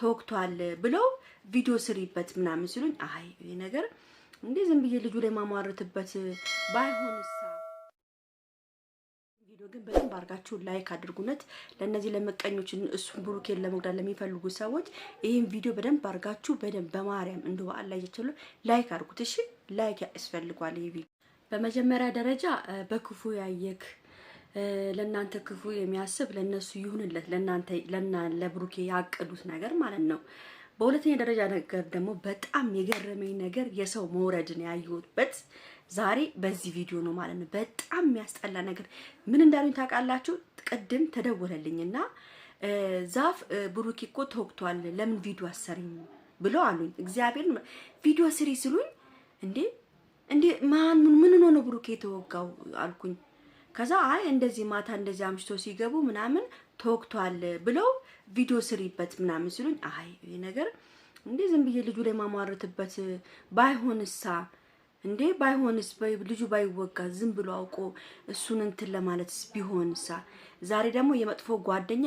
ተወቅቷል ብለው ቪዲዮ ስሪበት ምናምን ሲሉኝ፣ አይ ይህ ነገር እንዴ ዝም ብዬ ልጁ ላይ ማሟርትበት ባይሆን ቪዲዮ ግን በደንብ አድርጋችሁ ላይክ አድርጉነት። ለእነዚህ ለመቀኞች እሱን ብሩኬን ለመጉዳት ለሚፈልጉ ሰዎች ይህን ቪዲዮ በደንብ አድርጋችሁ በደንብ በማርያም እንደ በዓል ላይ እየቸሉ ላይክ አድርጉት። እሺ ላይክ ያስፈልጓል። ይህ ቪዲዮ በመጀመሪያ ደረጃ በክፉ ያየክ ለእናንተ ክፉ የሚያስብ ለእነሱ ይሁንለት፣ ለእናንተ ለብሩኬ ያቀዱት ነገር ማለት ነው። በሁለተኛ ደረጃ ነገር ደግሞ በጣም የገረመኝ ነገር የሰው መውረድን ያየሁበት ዛሬ በዚህ ቪዲዮ ነው ማለት ነው። በጣም የሚያስጠላ ነገር ምን እንዳሉኝ ታውቃላችሁ? ቅድም ተደወለልኝና ዛፍ ብሩኬ እኮ ተወቅቷል፣ ለምን ቪዲዮ አሰሪኝ ብሎ አሉኝ። እግዚአብሔር ቪዲዮ ስሪ ስሉኝ እንዴ እንዴ ማን ምን ሆነ ብሩኬ የተወጋው አልኩኝ። ከዛ አይ እንደዚህ ማታ እንደዚህ አምሽቶ ሲገቡ ምናምን ተወቅቷል ብለው ቪዲዮ ስሪበት ምናምን ሲሉኝ፣ አይ ይሄ ነገር እንዴ ዝም ብዬ ልጁ ላይ ማሟርትበት ባይሆንሳ፣ እንዴ ባይሆንስ፣ ልጁ ባይወጋ ዝም ብሎ አውቆ እሱን እንትን ለማለትስ ቢሆንሳ። ዛሬ ደግሞ የመጥፎ ጓደኛ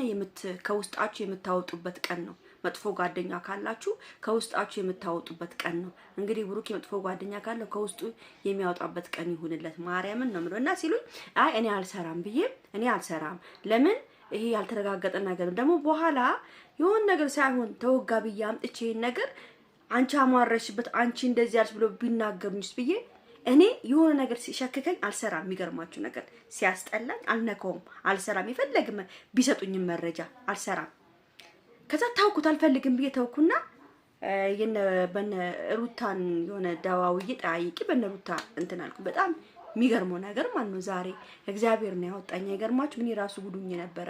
ከውስጣችሁ የምታወጡበት ቀን ነው። መጥፎ ጓደኛ ካላችሁ ከውስጣችሁ የምታወጡበት ቀን ነው። እንግዲህ ብሩክ መጥፎ ጓደኛ ካለው ከውስጡ የሚያወጣበት ቀን ይሁንለት። ማርያምን ነው የምለው እና ሲሉኝ አይ እኔ አልሰራም ብዬ እኔ አልሰራም ለምን ይሄ ያልተረጋገጠ ነገር ደግሞ በኋላ የሆን ነገር ሳይሆን ተወጋ ብዬ አምጥቼ ይሄን ነገር አንቺ አሟረሽበት አንቺ እንደዚህ ያልሽ ብሎ ቢናገሩኝስ ብዬ እኔ የሆነ ነገር ሲሸክከኝ አልሰራም። የሚገርማችሁ ነገር ሲያስጠላኝ አልነካውም፣ አልሰራም። የፈለግም ቢሰጡኝም መረጃ አልሰራም። ከዛ ታውኩት አልፈልግም ብዬ ተውኩና የነ በነ ሩታን የሆነ ደዋውዬ ጠያይቂ በነ ሩታ እንትን አልኩ። በጣም የሚገርመው ነገር ማን ነው ዛሬ እግዚአብሔር ነው ያወጣኝ። አይገርማችሁ? ምን ራሱ ጉዱኝ ነበረ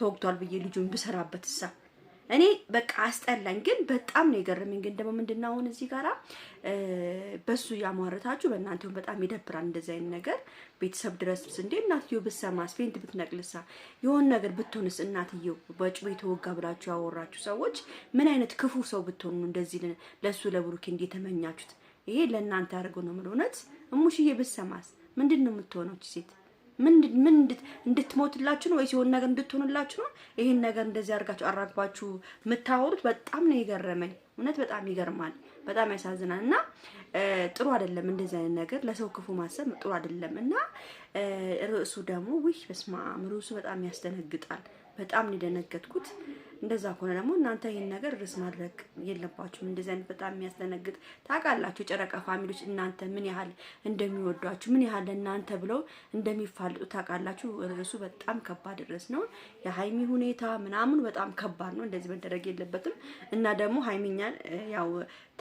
ተወግቷል ብዬ ልጁን ብሰራበት ሳ እኔ በቃ አስጠላኝ። ግን በጣም ነው የገረመኝ። ግን ደግሞ ምንድነው አሁን እዚህ ጋራ በሱ እያሟረታችሁ በእናንተውን በጣም ይደብራል። እንደዚህ አይነት ነገር ቤተሰብ ድረስስ እንዴ እናትዮ ብትሰማስ፣ ፌንት ብትነቅልሳ፣ የሆን ነገር ብትሆንስ፣ እናትዮ በጩቤ ተወጋ ብላችሁ ያወራችሁ ሰዎች ምን አይነት ክፉ ሰው ብትሆኑ እንደዚህ ለእሱ ለብሩኬ እንዴ የተመኛችሁት? ይሄ ለእናንተ አድርገው ነው የምልህ። እውነት እሙሽዬ ብትሰማስ ምንድን ነው የምትሆነች ሴት ምን ምን እንድትሞትላችሁ ነው ወይስ የሆነ ነገር እንድትሆንላችሁ ነው? ይሄን ነገር እንደዚህ አድርጋችሁ አራግባችሁ የምታወሩት በጣም ነው የገረመኝ። እውነት በጣም ይገርማል፣ በጣም ያሳዝናል። እና ጥሩ አይደለም እንደዚህ አይነት ነገር ለሰው ክፉ ማሰብ ጥሩ አይደለም። እና ርዕሱ ደግሞ ውይ በስመ አብ ርዕሱ በጣም ያስደነግጣል። በጣም ነው የደነገጥኩት። እንደዛ ከሆነ ደግሞ እናንተ ይህን ነገር ርስ ማድረግ የለባችሁም። እንደዚህ አይነት በጣም የሚያስደነግጥ ታውቃላችሁ፣ ጨረቃ ፋሚሊዎች እናንተ ምን ያህል እንደሚወዷችሁ ምን ያህል ለእናንተ ብለው እንደሚፋልጡ ታውቃላችሁ። ርዕሱ በጣም ከባድ ርዕስ ነው። የሀይሚ ሁኔታ ምናምን በጣም ከባድ ነው። እንደዚህ መደረግ የለበትም እና ደግሞ ሀይሚኛን ያው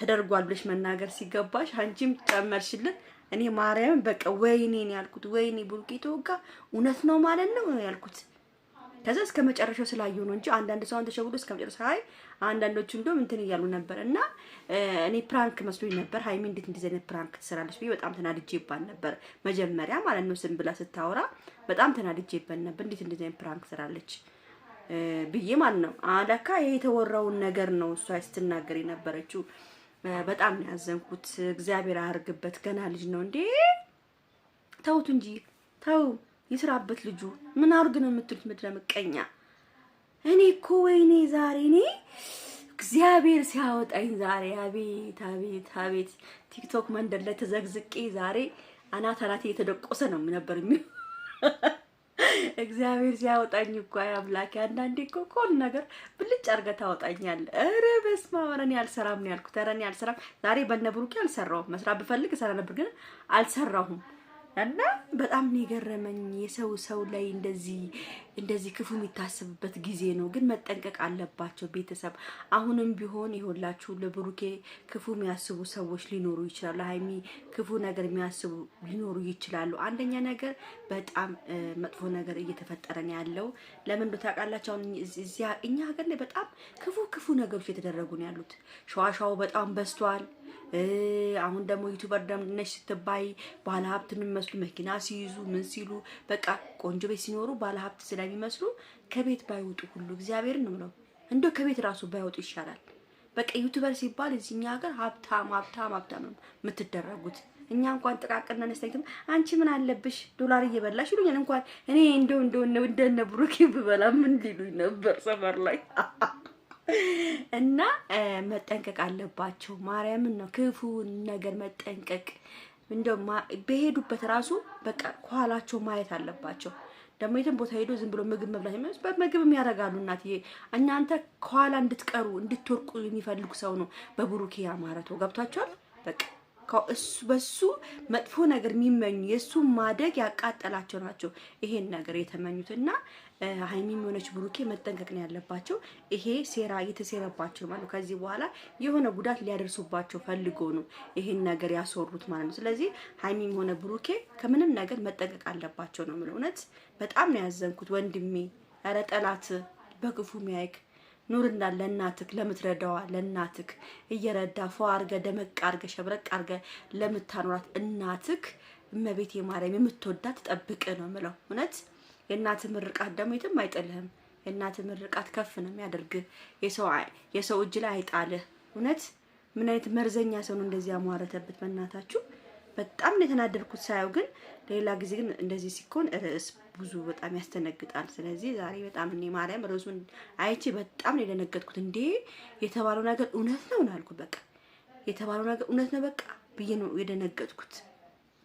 ተደርጓል ብለሽ መናገር ሲገባሽ አንቺም ጨመርሽልን። እኔ ማርያምን በቃ ወይኔን ያልኩት ወይኔ ቡልቂቶ ጋ እውነት ነው ማለት ነው ያልኩት ከዛ እስከ መጨረሻው ስላየው ነው እንጂ አንዳንድ ሰው ተሸውዶ እስከ መጨረሻው አይ አንዳንዶቹ እንደውም እንትን እያሉ ነበር። እና እኔ ፕራንክ መስሎኝ ነበር። ሀይሚ እንዴት እንደዚህ አይነት ፕራንክ ትሰራለች ብዬ በጣም ተናድጄ ይባል ነበር መጀመሪያ ማለት ነው። ስም ብላ ስታወራ በጣም ተናድጄ ይባል ነበር። እንዴት እንደዚህ አይነት ፕራንክ ትሰራለች ብዬ ማለት ነው። አለካ ይሄ የተወራውን ነገር ነው እሷ ስትናገር የነበረችው። በጣም ነው ያዘንኩት። እግዚአብሔር አርግበት። ገና ልጅ ነው እንዴ! ተውት እንጂ ተው። ይስራበት ልጁ። ምን አርግ ነው የምትሉት? ምድረ ምቀኛ። እኔ እኮ ወይኔ ዛሬ እኔ እግዚአብሔር ሲያወጣኝ ዛሬ አቤት አቤት አቤት። ቲክቶክ መንደር ላይ ተዘግዝቄ ዛሬ አናት አናቴ እየተደቆሰ ነው ነበር የሚ እግዚአብሔር ሲያወጣኝ እኮ አምላኬ። አንዳንዴ እኮ ኮን ነገር ብልጭ አድርገህ ታወጣኛለህ። ኧረ በስመ አብ! ኧረ እኔ አልሰራም ነው ያልኩት። ኧረ እኔ አልሰራም ዛሬ በነብሩኬ አልሰራሁም። መስራት ብፈልግ እሰራ ነበር ግን አልሰራሁም። እና በጣም ነው የገረመኝ የሰው ሰው ላይ እንደዚህ እንደዚህ ክፉ የሚታሰብበት ጊዜ ነው፣ ግን መጠንቀቅ አለባቸው ቤተሰብ። አሁንም ቢሆን ይሆላችሁ ለብሩኬ ክፉ የሚያስቡ ሰዎች ሊኖሩ ይችላሉ። ለሀይሚ ክፉ ነገር የሚያስቡ ሊኖሩ ይችላሉ። አንደኛ ነገር በጣም መጥፎ ነገር እየተፈጠረ ነው ያለው። ለምን በታውቃላችሁ? እዚያ እኛ ሀገር ላይ በጣም ክፉ ክፉ ነገሮች እየተደረጉ ነው ያሉት። ሸዋሸዋው በጣም በዝቷል። አሁን ደግሞ ዩቱበር ነሽ ስትባይ ባለሀብት የሚመስሉ መኪና ሲይዙ ምን ሲሉ በቃ ቆንጆ ቤት ሲኖሩ ባለሀብት ስለ ስለሚመስሉ ከቤት ባይወጡ ሁሉ እግዚአብሔርን ነው እንደው ከቤት ራሱ ባይወጡ ይሻላል። በቃ ዩቲዩበር ሲባል እዚህኛ ሀገር ሀብታም ሀብታም ሀብታም ነው የምትደረጉት። እኛ እንኳን ጥቃቅና ነስተኝ አንቺ ምን አለብሽ ዶላር እየበላሽ ይሉኛል። እንኳን እኔ እንደው እንደው ነው እንደነ ብሩኬ ብበላ ምን ሊሉኝ ነበር ሰፈር ላይ እና መጠንቀቅ አለባቸው። ማርያምን ነው ክፉን ነገር መጠንቀቅ እንደው በሄዱበት ራሱ በቃ ከኋላቸው ማየት አለባቸው። ደግሞ የትም ቦታ ሄዶ ዝም ብሎ ምግብ መብላት የሚመስበት ምግብም ያደርጋሉ። እናትዬ እናንተ ከኋላ እንድትቀሩ እንድትወርቁ የሚፈልጉ ሰው ነው በብሩኬ ያማረተው። ገብቷቸዋል። በቃ እሱ በሱ መጥፎ ነገር የሚመኙ የእሱ ማደግ ያቃጠላቸው ናቸው ይሄን ነገር የተመኙትና ሀይሚም የሆነች ብሩኬ መጠንቀቅ ነው ያለባቸው። ይሄ ሴራ እየተሴረባቸው ማለት ነው። ከዚህ በኋላ የሆነ ጉዳት ሊያደርሱባቸው ፈልጎ ነው ይሄን ነገር ያስወሩት ማለት ነው። ስለዚህ ሀይሚም ሆነ ብሩኬ ከምንም ነገር መጠንቀቅ አለባቸው ነው የምለው። እውነት በጣም ነው ያዘንኩት ወንድሜ። ኧረ ጠላት በክፉ ሚያይክ ኑርና ለእናትክ ለምትረዳዋ ለእናትክ እየረዳ ፏ አርገ ደመቅ አርገ ሸብረቅ አርገ ለምታኖራት እናትክ እመቤት የማርያም የምትወዳት ጠብቅ ነው ምለው እውነት የእናትህ ምርቃት ደግሞ የትም አይጥልህም። የእናትህ ምርቃት ከፍ ነው የሚያደርግህ። የሰው እጅ ላይ አይጣልህ። እውነት ምን አይነት መርዘኛ ሰው ነው እንደዚህ ያሟረተበት? በእናታችሁ በጣም ነው የተናደድኩት ሳየው። ግን ሌላ ጊዜ ግን እንደዚህ ሲኮን ርዕስ ብዙ በጣም ያስተነግጣል። ስለዚህ ዛሬ በጣም እኔ ማርያም ርዕሱን አይቼ በጣም ነው የደነገጥኩት። እንዴ የተባለው ነገር እውነት ነው ናልኩት። በቃ የተባለው ነገር እውነት ነው በቃ ብዬ ነው የደነገጥኩት።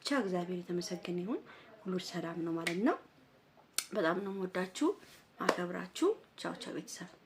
ብቻ እግዚአብሔር የተመሰገነ ይሁን። ሁሉ ሰላም ነው ማለት ነው። በጣም ነው የምወዳችሁ፣ አከብራችሁ። ቻው ቻው ቤተሰብ